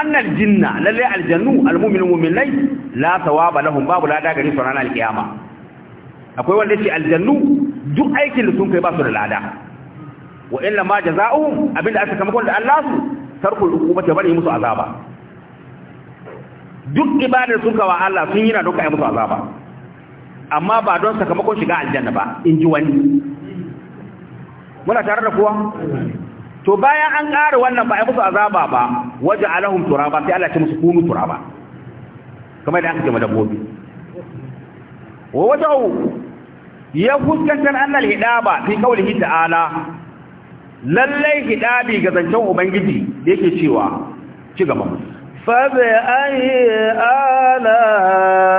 [SPEAKER 2] annal jinna lalle aljannu almu'minu mu'minai la thawaba lahum babu lada gari su ranar alkiyama akwai wanda ya ce aljannu duk aikin da sun kai ba su da lada wa illa ma jaza'uhum abinda aka kama da Allah su tarkul hukumata bari musu azaba duk ibadar sun kawa Allah sun yi na duka ya musu azaba amma ba don sakamakon shiga aljanna ba in ji wani muna tare da kuwa to bayan an ƙara wannan ba ya musu azaba ba waje alahum turaba sai Allah ya musu kunu turaba kamar da aka ce madabobi wa wajen ya fuskantar annal hidaba fi kaulihi ta'ala lallai
[SPEAKER 1] hidabi ga zancen ubangiji
[SPEAKER 2] da yake cewa ci gaba
[SPEAKER 1] fabi ayi ala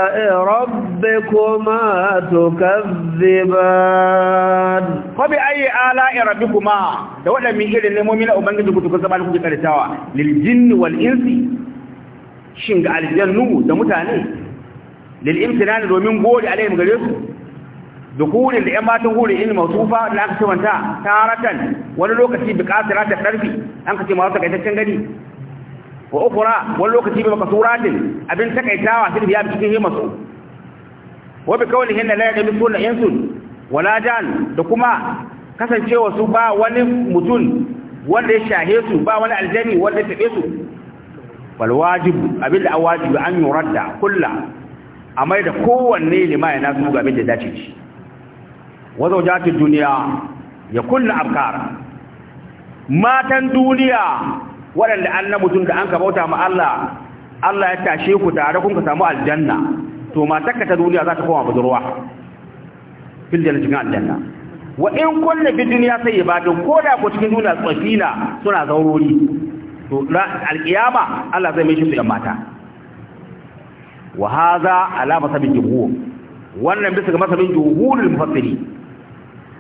[SPEAKER 1] kuma rabbikuma tukazziban fabi ayi ala kuma da
[SPEAKER 2] wadannan irin nemomi na ubangiji ku tukazzaba ku karitawa lil jinni wal insi shin ga aljannu da mutane lil imtinani domin gode alaihim gare su dukurin da 'yan matan huri in mausufa da aka ce wanta taratan wani lokaci bi kasira ta ɗarfi an ka ce masu takaitaccen gani wa ukura wani lokaci bi makasuratin abin takaitawa sai biya cikin himma su wa bi kawli hinna la yaqbi na insun wala jan da kuma kasancewa su ba wani mutum wanda ya shahe su ba wani aljani wanda ya tabe su wal wajib abin da awajibi an yuradda kullu amai da kowanne limai na su ga abin da dace shi وزوجات الدنيا يكون أبكار ما تندوليا waɗanda an na mutum da an ka bauta ma Allah Allah ya tashe ku tare kun ka samu aljanna to matarka ta duniya za ta koma budurwa fil da cikin aljanna wa in kullu fi dunya sayyibatun koda ko cikin duniya tsafina suna zaurori to alqiyama Allah zai mai shi su yan mata wa hadha ala masabin jumhur wannan bisa ga masabin jumhurul mufassiri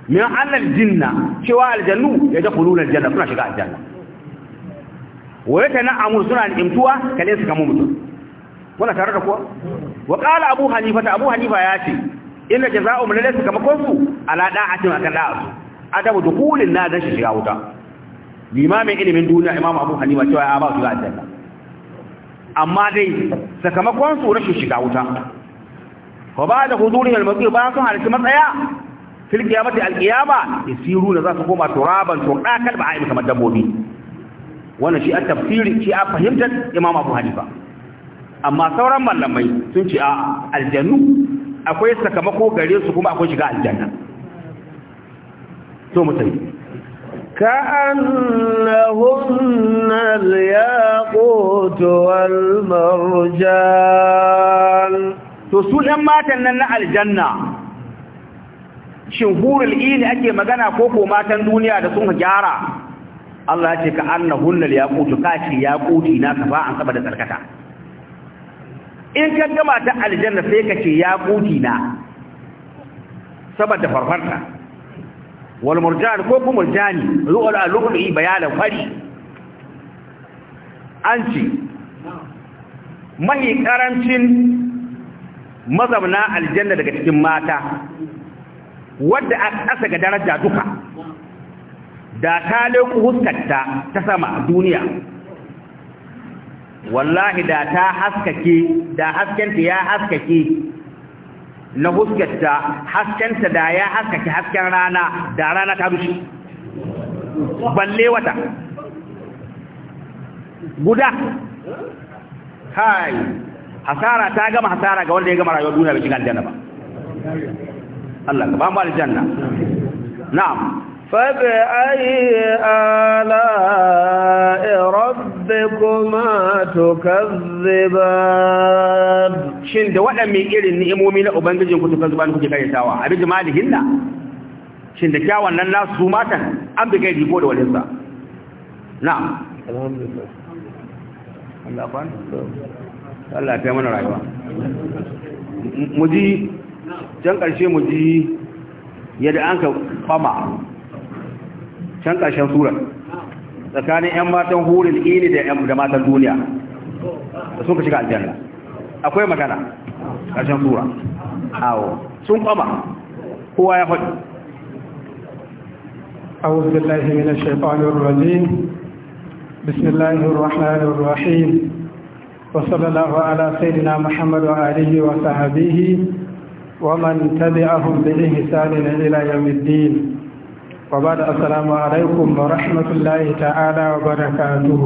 [SPEAKER 2] min annal jinna cewa aljannu ya da kuluna aljanna suna shiga aljanna wa yata na amur suna imtuwa kale su kamo mutum wala tare da kuwa wa qala abu hanifa abu hanifa ya ce inna jazaa'u man laysa kamakon su ala da'atin akan da'a adabu dukulin na da shiga wuta limamin ilimin duniya Imam abu hanifa cewa ya ba su ga aljanna amma dai sakamakon su rashin shiga wuta wa ba da hudurin al ba sun halarci matsaya fil qiyamati al qiyama yasiruna za su koma turaban turakal ba ai kamar dabbobi wannan shi a tafsiri shi a fahimtar imam abu hanifa amma sauran malamai sun ce a aljannu akwai sakamako gare su kuma akwai shiga aljanna
[SPEAKER 1] to mutai كأنهن الياقوت والمرجان تسول أماتنا الجنة
[SPEAKER 2] shin hurul ini ake magana ko ko matan duniya da sun gyara Allah ya ce ka annahunnal yaqutu kashi yaquti na kafa an da tsarkata in ka gama ta aljanna sai ka ce yaquti na saboda farfarta wal murjan ko kuma murjani ru'al al-lu'li bayanan fari an ce mahi karancin mazamna aljanna daga cikin mata wadda a ƙasa ga daraja duka da ta leku huskarta ta sama duniya wallahi da ta haskake da haskenta ya haskake na huskarta haskenta da ya haskake hasken rana da rana ta rushe balle wata guda Hai. hasara ta gama hasara ga wanda ya gama rayuwar duniya bai shiga aljanna ba
[SPEAKER 1] الله بام الجنه نعم فبأي آلاء ربكما تكذبان شند ولا مي ايرين نيمومي نا اوبانجين كو تكذبان كو جاي
[SPEAKER 2] تاوا ابي جمالي هنا شند كيا ونن سوماتا ام بي جاي نعم الحمد لله الله فان الله يا can ƙarshe mu ji yadda an ka fama can ƙarshen surar tsakanin 'yan matan hurin ini da matan duniya da sun ka shiga aljanna akwai magana ƙarshen sura awo sun fama kowa ya faɗi أعوذ بالله من الشيطان
[SPEAKER 3] الرجيم بسم الله الرحمن الرحيم وصلى الله على سيدنا محمد وآله وصحبه ومن تبعهم بإحسان إلى يوم الدين وبعد السلام عليكم ورحمة الله تعالى وبركاته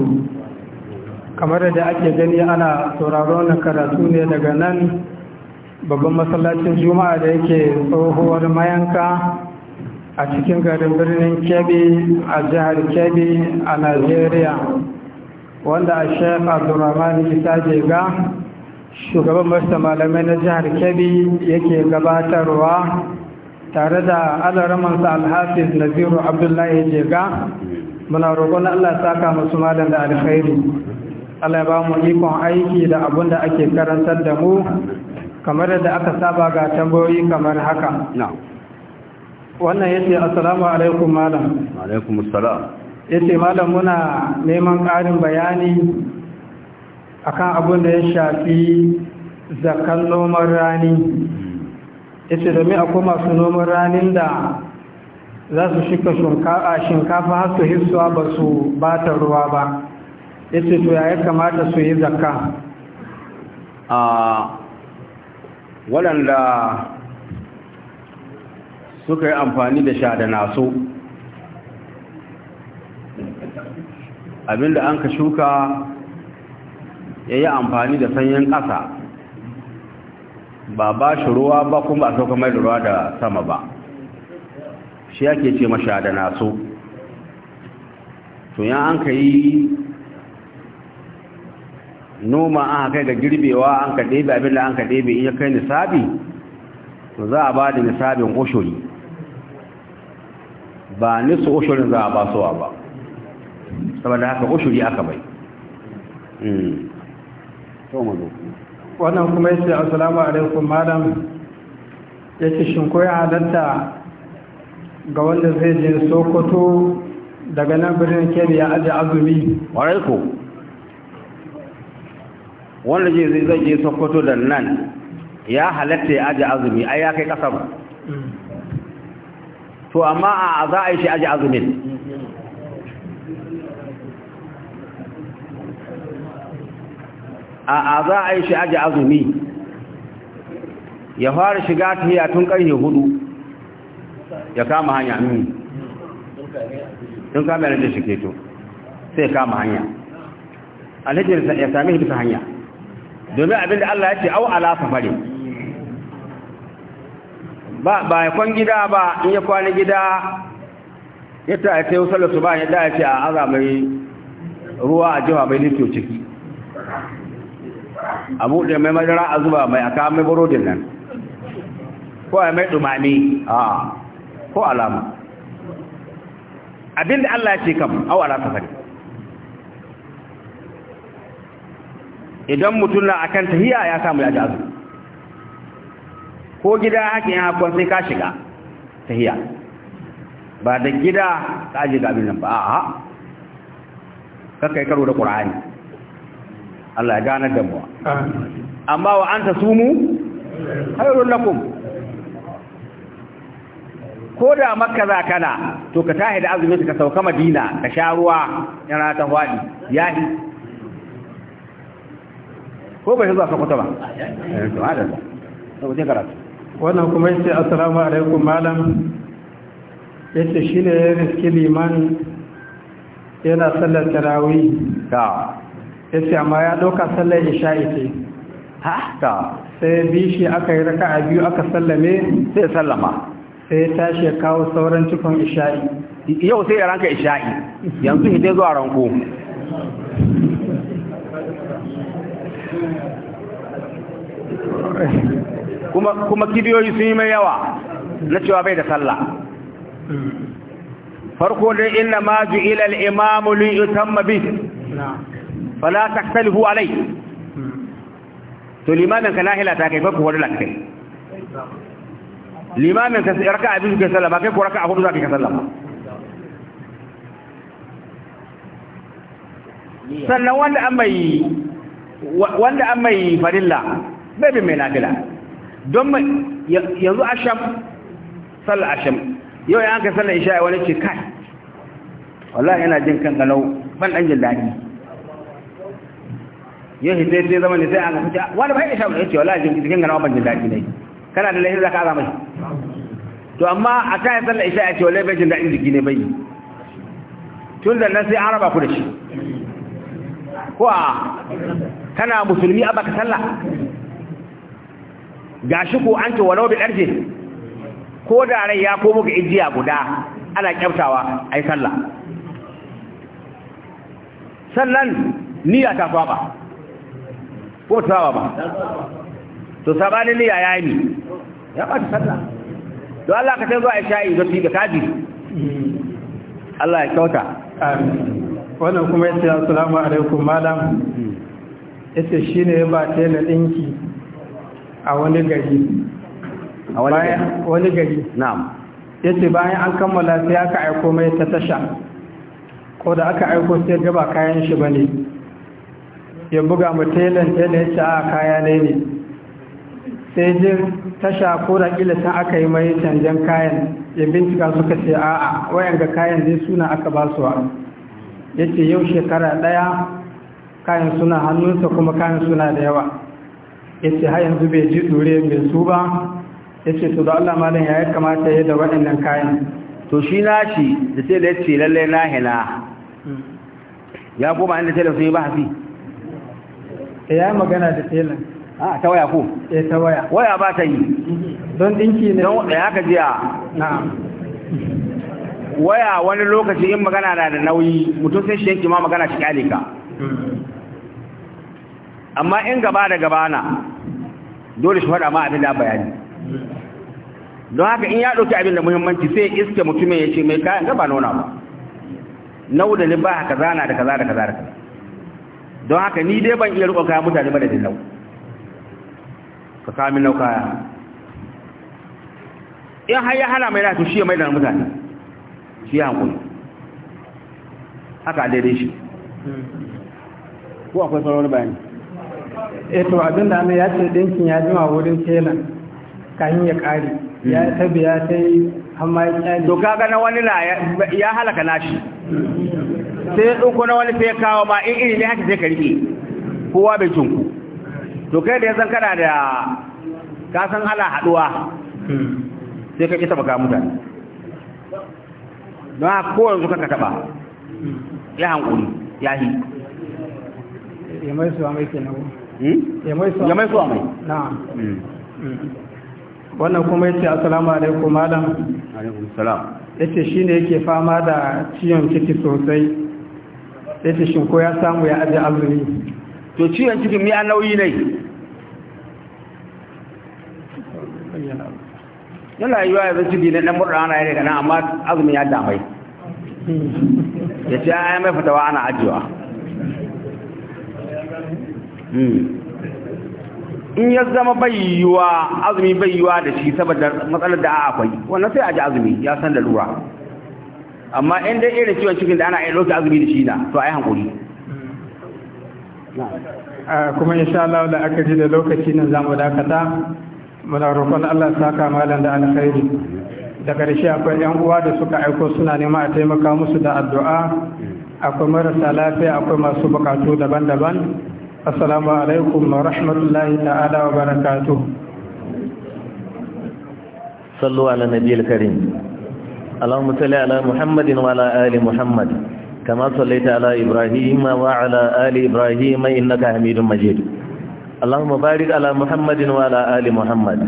[SPEAKER 3] kamar da ake gani ana sauraro karatu ne daga nan babban masallacin juma'a da yake tsohuwar mayanka a cikin garin birnin kebbi a jihar kebbi a najeriya wanda a shek abdurrahman isa jega shugaban masu malamai na jihar kebbi yake gabatarwa tare da alaramansa alhafiz naziru abdullahi jega muna roƙon allah saka masu malam da alkhairi allah ba mu ikon aiki da abun da ake karantar da mu kamar da aka saba ga tambayoyi kamar haka wannan ya ce assalamu alaikum malam
[SPEAKER 2] alaikum assalam
[SPEAKER 3] ya ce malam muna neman ƙarin bayani akan abin da ya shafi zakan noman rani ya ce domin akwai masu noman ranin da za su shika shinkafa hasu su hisuwa ba su bata ruwa ba ya ce to ya kamata su yi zakka
[SPEAKER 2] a waɗanda suka yi amfani da sha da naso abinda an ka shuka ya yi amfani da sanyin ƙasa ba ba shi ruwa ba kuma a sauka mai ruwa da sama ba shi yake ce masha da naso to yan an ka yi noma an kai ga girbewa an ka ɗebe abin da an ka ɗebe in ya kai nisabi to za a ba da nisabin ushuri ba nisu ushurin za a ba suwa ba saboda haka ushuri aka bai hmm. to
[SPEAKER 3] wannan kuma ce asalamu alaikum malam ya ce shinko ya halatta ga wanda zai je Sokoto daga nan
[SPEAKER 2] birnin Kebbi ya ajiye azumi warai wanda je zai je Sokoto da nan ya halatta ya ajiye azumi ai ya kai kasar mm. to amma a za a yi shi ajiye azumin mm. a a za a yi shi aji azumi ya fara shiga tahiya tun karfe hudu ya kama hanya nuni
[SPEAKER 4] mm.
[SPEAKER 2] tun kama yana shi keto sai kama hanya alhajjar ya sami bisa hanya domin abinda Allah ya ce au ala safari ba ba ya kwan gida ba in ya kwana gida ya ta ya ce wasu lasu ba ya da ya ce a azamai ruwa a jiwa mai lito ciki
[SPEAKER 4] a buɗe mai madara
[SPEAKER 2] a zuba mai aka mai burodin nan ko a mai ɗumami a ko alama abinda Allah ce kam au ala fari idan mutum na akan tahiya ya samu ya jazu ko gida hakin ya hakon sai ka shiga tahiya ba da gida ka ji ga abin nan ba ka kakai karo da ƙura'ani Allah ya gane da mu amma wa anta sumu khairul lakum ko da makka za kana to ka tahi da azumi ka sauka madina ka sha ruwa yana ta hwadi yahi ko ba shi zuwa sakwata ba eh, to adalla to je karatu wannan kuma yace assalamu
[SPEAKER 3] alaikum malam yace shine riski limani yana sallar tarawih ta ya ce amma ya doka sallar isha'i ce ha ta sai bishi aka yi raka a biyu aka sallame sai sallama sai tashi ya kawo sauran cikon isha'i yau sai ya ranka isha'i yanzu hide
[SPEAKER 2] zuwa ranko kuma kuma kibiyoyi sun yi mai yawa na cewa bai da sallah farko dai inna ma ju'ila al-imamu li yutamma bi fala taktalifu alai to limamin ka lahila ta kai ku wadda kai limamin ka raka abin ke sallama kai ku raka a hudu za ka sallama sannan wanda an mai wanda an mai farilla bai mai nafila don mai yanzu asham sallar asham yau ya an ka sallar isha'i wani ce kai wallahi yana jin kan ganau ban ɗan jin daɗi ya hinde sai zama ne sai an kafa wani bai isha ya ce cewa jin cikin gana ban jin daɗi ne kana da ka zaka mai. to amma a ta yi sallar isha ya ce wallahi bai jin daɗin jiki ne bai tun da nan sai an raba ku da shi ko a kana musulmi a baka sallah gashi ko an ce walau bi ƙarfe ko da rai ya komo ga ijiya guda ana kyautawa a yi sallah sannan niyya ta saba ko tawa ba to sabani ne ya yi ya ba sallah to Allah ka tazo a sha'i zo fi kaji Allah ya kyauta
[SPEAKER 3] wannan kuma yace assalamu alaikum malam yace shine ya ba ta na dinki a wani gari a wani gari wani gari na'am yace bayan an kammala sai aka aiko mai ta tasha ko da aka aiko sai gaba kayan shi bane ya buga mu telan telan ya a kaya ne ne sai jin tasha ko kila ta aka yi mai canjan kayan ya bincika suka ce a'a wayan ga kayan dai suna aka ba su ya ce yau shekara ɗaya kayan suna hannunsa kuma kayan suna da yawa ya ce har yanzu bai ji ɗure mai su ba ya ce to da Allah malam ya kamata ya da waɗannan
[SPEAKER 2] kayan to shi na shi da sai da ya ce lallai na hina hmm. ya koma inda sai da su yi ba hafi da eh, ya magana da telan a ta waya ko E eh, ta waya waya ba ta yi don dinki ne don da haka jiya na waya wani lokaci in magana na da nauyi mutum sai shi ma magana shi kyale ka amma in gaba da gaba na dole shi faɗa ma abin da bayani don haka in ya ɗauki abin da muhimmanci sai iske mutumin ya ce mai kayan gaba nuna ba nau da ni ba kaza na da kaza da kaza da kaza don haka ni dai ban iya riko kayan mutane bane da dinau ka kami min kaya in har ya hana mai lati shi ya mai da mutane shi ya hankuli haka daidai shi ko akwai sauran bayani
[SPEAKER 3] eh to abin da ana ya ce dinkin ya jima wurin telan kayan ya kare ya hmm. tabi
[SPEAKER 2] ya sai amma ya kyale to kaga na wani na ya halaka nashi hmm. sai ya ɗauko na wani sai ya kawo ma in iri ne haka sai ka riƙe kowa bai cinku to kai da ya zan kana da ka san ala haduwa sai ka ƙi taɓa mutane don haka kowar yanzu kanka taɓa ya hankuli ya hi ya mai suwa mai kenan hmm?
[SPEAKER 3] ya mai suwa mai na'am
[SPEAKER 2] hmm.
[SPEAKER 3] wannan kuma ce asalamu alaikum malam alaikum salam shi ne yake fama da ciyon ciki sosai sai ta shinko ya samu ya ajiye azumi to ciwon cikin miya nauyi ne
[SPEAKER 2] yana yi wa yanzu ciki na ɗan murɗa ana yi daga nan amma azumi ya damai ya ce ya mai fatawa ana ajiyewa hmm. in ya zama bayyuwa azumi bayyuwa da shi saboda matsalar da akwai wannan sai a ji azumi ya san da lura amma in dai irin ciwon cikin da ana iya roƙi azumi da shi na to yi hankuli. kuma insha Allah da
[SPEAKER 3] aka ji da lokaci nan zamu dakata muna roƙon Allah saka malam da alkhairi da karshe akwai yan uwa da suka aiko suna nema a taimaka musu da addu'a akwai marasa lafiya akwai masu bukatu daban-daban assalamu alaikum wa rahmatullahi ta'ala wa barakatuh
[SPEAKER 5] sallu ala nabiyil karim اللهم صل على محمد وعلى آل محمد كما صليت على إبراهيم وعلى آل إبراهيم إنك حميد مجيد اللهم بارك على محمد وعلى آل محمد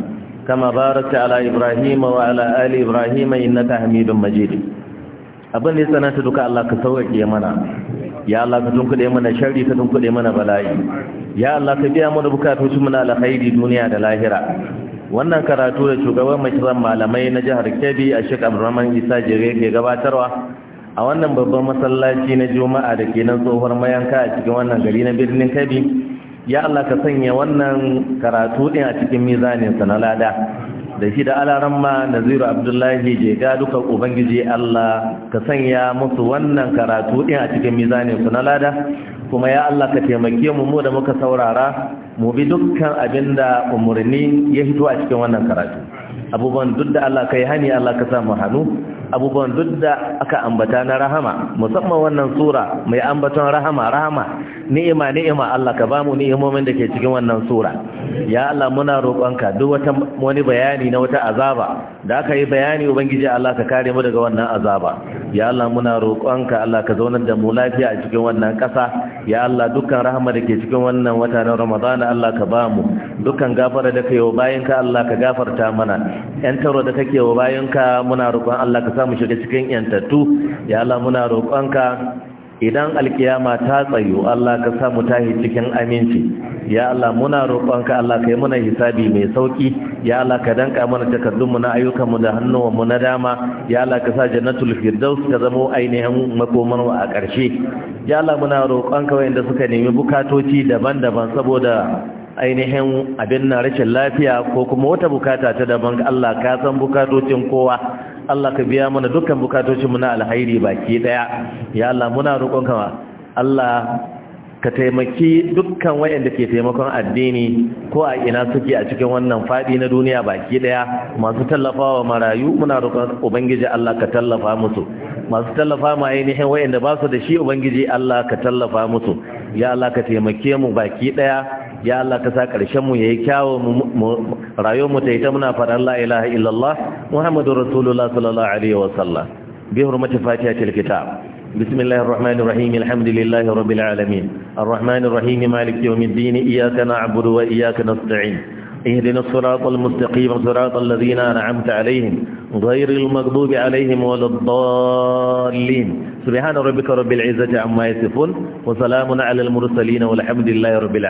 [SPEAKER 5] كما باركت على إبراهيم وعلى آل إبراهيم إنك حميد مجيد abin da ya tsananta duka Allah ka sauƙaƙe mana ya Allah ka tunkuɗe mana sharri ka tunkuɗe mana bala'i ya Allah ka biya mana bukatun su duniya da lahira wannan karatu da shugaban mashirar malamai na jihar kebbi a shek abdurrahman isa jere ke gabatarwa a wannan babban masallaci na juma'a da ke nan tsohuwar mayanka a cikin wannan gari na birnin kebbi ya allah ka sanya wannan karatu din a cikin mizaninsa na lada da shi da alaran ma naziru abdullahi je ga duka ubangiji Allah ka sanya musu wannan karatu din a cikin mizanin su na lada kuma ya Allah ka taimake mu mu da muka saurara mu bi dukkan abinda umurni ya hito a cikin wannan karatu abubuwan duk da Allah ka yi hani Allah ka sa mu hannu abubuwan duk da aka ambata na rahama musamman wannan sura mai ambaton rahama rahama ni'ima ni'ima Allah ka ba mu ni'imomin da ke cikin wannan sura ya Allah muna roƙonka duk wata wani bayani na wata azaba da aka yi bayani ubangiji Allah ka kare mu daga wannan azaba ya Allah muna roƙonka Allah ka zaunar da mu lafiya a cikin wannan ƙasa ya Allah dukkan rahama da ke cikin wannan wata na Ramadan Allah ka ba mu dukkan gafara da kai wa bayinka Allah ka gafarta mana yan taro da kake wa bayinka muna roƙon Allah ka sa mu shiga cikin yantattu ya Allah muna roƙonka idan alkiyama ta tsayu, Allah ka samu tahi cikin aminci ya Allah muna roƙonka Allah kai muna hisabi mai sauki ya Allah ka danka mana takardunmu na ayyukan mu da hannuwanmu na dama ya Allah ka sa jannatul firdaus ka zama ainihin makoman a ƙarshe ya Allah muna roƙonka wayanda suka nemi bukatoci daban-daban saboda ainihin abin na rashin lafiya ko kuma wata bukata ta daban Allah ka san bukatocin kowa Allah ka biya mana dukkan bukatocinmu na alhairi baki daya ya Allah muna roƙonka Allah ka taimaki dukkan wayanda ke taimakon addini ko a ina suke a cikin wannan fadi na duniya baki daya masu tallafawa marayu muna roƙon ubangiji Allah ka tallafa musu masu tallafa ma ainihin wayanda ba su da shi ubangiji Allah ka tallafa musu ya Allah ka taimake mu baki daya ya Allah ka sa ƙarshen mu yayi kyawu rayuwar mu ta ita muna faɗan la ilaha illallah muhammadur rasulullah sallallahu alaihi wa sallam bi hurmati fatihatil kitab بسم الله الرحمن الرحيم الحمد لله رب العالمين الرحمن الرحيم مالك يوم الدين إياك نعبد وإياك نستعين اهدنا الصراط المستقيم صراط الذين أنعمت عليهم غير المغضوب عليهم ولا الضالين سبحان ربك رب العزة عما يصفون وسلام على المرسلين والحمد لله رب العالمين